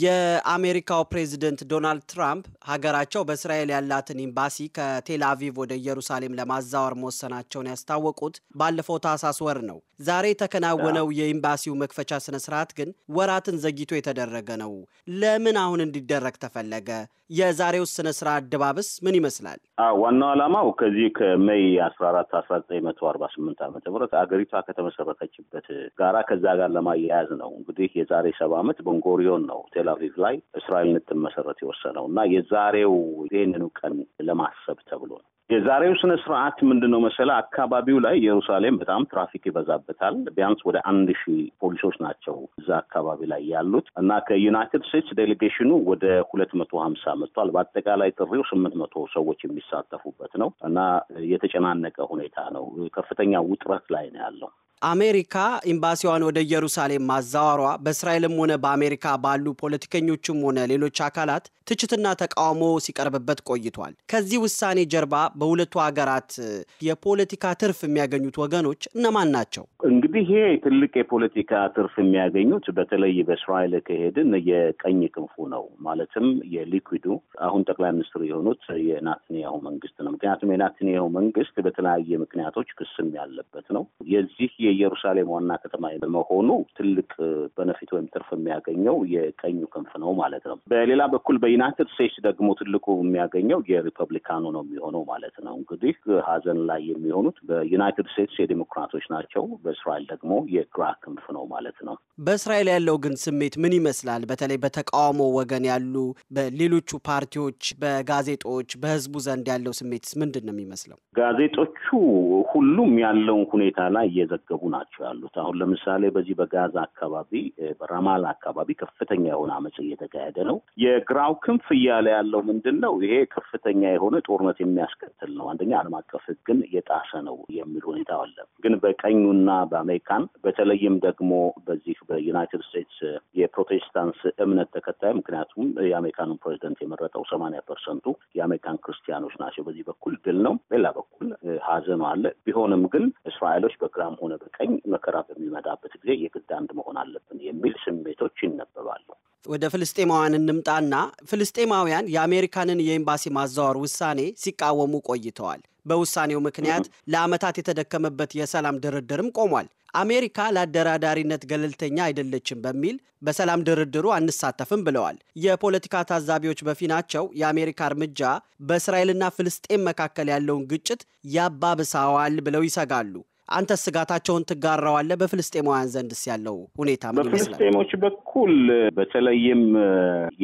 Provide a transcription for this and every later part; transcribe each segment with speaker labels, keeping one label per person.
Speaker 1: የአሜሪካው ፕሬዚደንት ዶናልድ ትራምፕ ሀገራቸው በእስራኤል ያላትን ኤምባሲ ከቴል አቪቭ ወደ ኢየሩሳሌም ለማዛወር መወሰናቸውን ያስታወቁት ባለፈው ታህሳስ ወር ነው። ዛሬ የተከናወነው የኤምባሲው መክፈቻ ስነ ስርዓት ግን ወራትን ዘግይቶ የተደረገ ነው። ለምን አሁን እንዲደረግ ተፈለገ? የዛሬው ስነ ስርዓት ድባብስ ምን ይመስላል?
Speaker 2: ዋናው ዓላማው ከዚህ ከሜይ አስራ አራት መቶ አርባ ስምንት አገሪቷ ከተመሰረተችበት ጋራ ከዛ ጋር ለማያያዝ ነው። እንግዲህ የዛሬ ሰባ ዓመት በንጎሪዮን ነው ቴል አቪቭ ላይ እስራኤል ልትመሰረት የወሰነው እና የዛሬው ይህንኑ ቀን ለማሰብ ተብሎ ነው። የዛሬው ስነ ስርዓት ምንድን ነው አካባቢው ላይ ኢየሩሳሌም በጣም ትራፊክ ይበዛበታል። ቢያንስ ወደ አንድ ሺህ ፖሊሶች ናቸው እዛ አካባቢ ላይ ያሉት እና ከዩናይትድ ስቴትስ ዴሌጌሽኑ ወደ ሁለት መቶ ሀምሳ መጥቷል። በአጠቃላይ ጥሪው ስምንት መቶ ሰዎች የሚሳተፉበት ነው እና የተጨናነቀ ሁኔታ ነው። ከፍተኛ ውጥረት ላይ ነው ያለው።
Speaker 1: አሜሪካ ኤምባሲዋን ወደ ኢየሩሳሌም ማዛወሯ በእስራኤልም ሆነ በአሜሪካ ባሉ ፖለቲከኞችም ሆነ ሌሎች አካላት ትችትና ተቃውሞ ሲቀርብበት ቆይቷል። ከዚህ ውሳኔ ጀርባ በሁለቱ ሀገራት የፖለቲካ ትርፍ የሚያገኙት ወገኖች እነማን ናቸው?
Speaker 2: እንግዲህ ይሄ ትልቅ የፖለቲካ ትርፍ የሚያገኙት በተለይ በእስራኤል ከሄድን የቀኝ ክንፉ ነው። ማለትም የሊኩዱ አሁን ጠቅላይ ሚኒስትር የሆኑት የናትንያሁ መንግስት ነው። ምክንያቱም የናትንያሁ መንግስት በተለያየ ምክንያቶች ክስም ያለበት ነው። የዚህ የኢየሩሳሌም ዋና ከተማ በመሆኑ ትልቅ በነፊት ወይም ትርፍ የሚያገኘው የቀኙ ክንፍ ነው ማለት ነው። በሌላ በኩል በዩናይትድ ስቴትስ ደግሞ ትልቁ የሚያገኘው የሪፐብሊካኑ ነው የሚሆነው ማለት ነው። እንግዲህ ሀዘን ላይ የሚሆኑት በዩናይትድ ስቴትስ የዲሞክራቶች ናቸው፣ በእስራኤል ደግሞ የግራ ክንፍ ነው ማለት ነው።
Speaker 1: በእስራኤል ያለው ግን ስሜት ምን ይመስላል? በተለይ በተቃውሞ ወገን ያሉ በሌሎቹ ፓርቲዎች፣ በጋዜጦች፣ በህዝቡ ዘንድ ያለው ስሜት ምንድን ነው የሚመስለው?
Speaker 2: ጋዜጦቹ ሁሉም ያለውን ሁኔታ ላይ እየዘገቡ ናቸው ያሉት። አሁን ለምሳሌ በዚህ በጋዛ አካባቢ በራማላ አካባቢ ከፍተኛ የሆነ አመፅ እየተካሄደ ነው። የግራው ክንፍ እያለ ያለው ምንድን ነው? ይሄ ከፍተኛ የሆነ ጦርነት የሚያስከትል ነው። አንደኛ ዓለም አቀፍ ህግን እየጣሰ ነው የሚል ሁኔታ አለ። ግን በቀኙና በአሜሪካን በተለይም ደግሞ በዚህ በዩናይትድ ስቴትስ የፕሮቴስታንት እምነት ተከታይ ምክንያቱም የአሜሪካኑን ፕሬዚደንት የመረጠው ሰማንያ ፐርሰንቱ የአሜሪካን ክርስቲያኖች ናቸው። በዚህ በኩል ድል ነው፣ ሌላ በኩል ሀዘኑ አለ። ቢሆንም ግን እስራኤሎች በግራም ሆነ በቀኝ መከራ በሚመጣበት ጊዜ የግድ አንድ መሆን አለብን የሚል ስሜቶች ይነበባሉ።
Speaker 1: ወደ ፍልስጤማውያን እንምጣና ፍልስጤማውያን የአሜሪካንን የኤምባሲ ማዛወር ውሳኔ ሲቃወሙ ቆይተዋል። በውሳኔው ምክንያት ለዓመታት የተደከመበት የሰላም ድርድርም ቆሟል። አሜሪካ ለአደራዳሪነት ገለልተኛ አይደለችም በሚል በሰላም ድርድሩ አንሳተፍም ብለዋል። የፖለቲካ ታዛቢዎች በፊናቸው የአሜሪካ እርምጃ በእስራኤልና ፍልስጤም መካከል ያለውን ግጭት ያባብሰዋል ብለው ይሰጋሉ። አንተ ስጋታቸውን ትጋራዋለህ? በፍልስጤማውያን ዘንድስ ያለው ሁኔታ ምን ይመስላል? በፍልስጤሞች
Speaker 2: በኩል በተለይም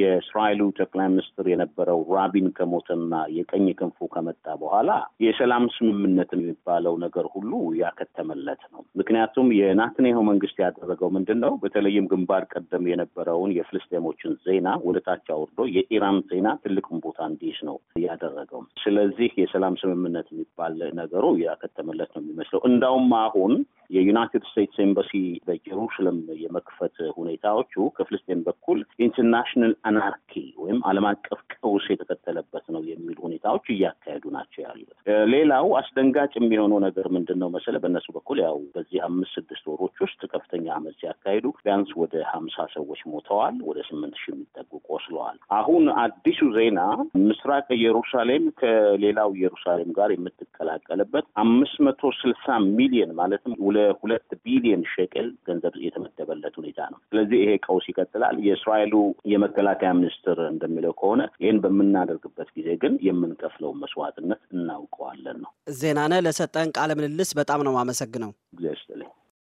Speaker 2: የእስራኤሉ ጠቅላይ ሚኒስትር የነበረው ራቢን ከሞተና የቀኝ ክንፉ ከመጣ በኋላ የሰላም ስምምነት የሚባለው ነገር ሁሉ ያከተመለት ነው። ምክንያቱም የናትኔሆ መንግስት ያደረገው ምንድን ነው? በተለይም ግንባር ቀደም የነበረውን የፍልስጤሞችን ዜና ወደታች አውርዶ የኢራን ዜና ትልቁን ቦታ እንዲይዝ ነው ያደረገው። ስለዚህ የሰላም ስምምነት የሚባል ነገሩ ያከተመለት ነው የሚመስለው እንዳው እንዲያውም አሁን የዩናይትድ ስቴትስ ኤምባሲ በጀሩሳሌም የመክፈት ሁኔታዎቹ ከፍልስጤን በኩል ኢንተርናሽናል አናርኪ ወይም ዓለም አቀፍ ቀውስ የተከተለበት ነው የሚል ሁኔታዎች እያካሄዱ ናቸው ያሉት። ሌላው አስደንጋጭ የሚሆነው ነገር ምንድን ነው መሰለህ? በእነሱ በኩል ያው በዚህ አምስት ስድስት ወሮች ውስጥ ከፍተኛ አመት ሲያካሂዱ ቢያንስ ወደ ሀምሳ ሰዎች ሞተዋል፣ ወደ ስምንት ሺህ የሚጠጉ ቆስለዋል። አሁን አዲሱ ዜና ምስራቅ ኢየሩሳሌም ከሌላው ኢየሩሳሌም ጋር የምትቀላቀልበት አምስት መቶ ስልሳ ሚሊየን ማለትም ለሁለት ቢሊየን ሸቅል ገንዘብ የተመደበለት ሁኔታ ነው። ስለዚህ ይሄ ቀውስ ይቀጥላል። የእስራኤሉ የመከላከያ ሚኒስትር እንደሚለው ከሆነ ይህን በምናደርግበት ጊዜ ግን የምንከፍለው መስዋዕትነት እናውቀዋለን
Speaker 1: ነው። ዜናነ ለሰጠን ቃለ ምልልስ በጣም ነው የማመሰግነው።
Speaker 2: actually.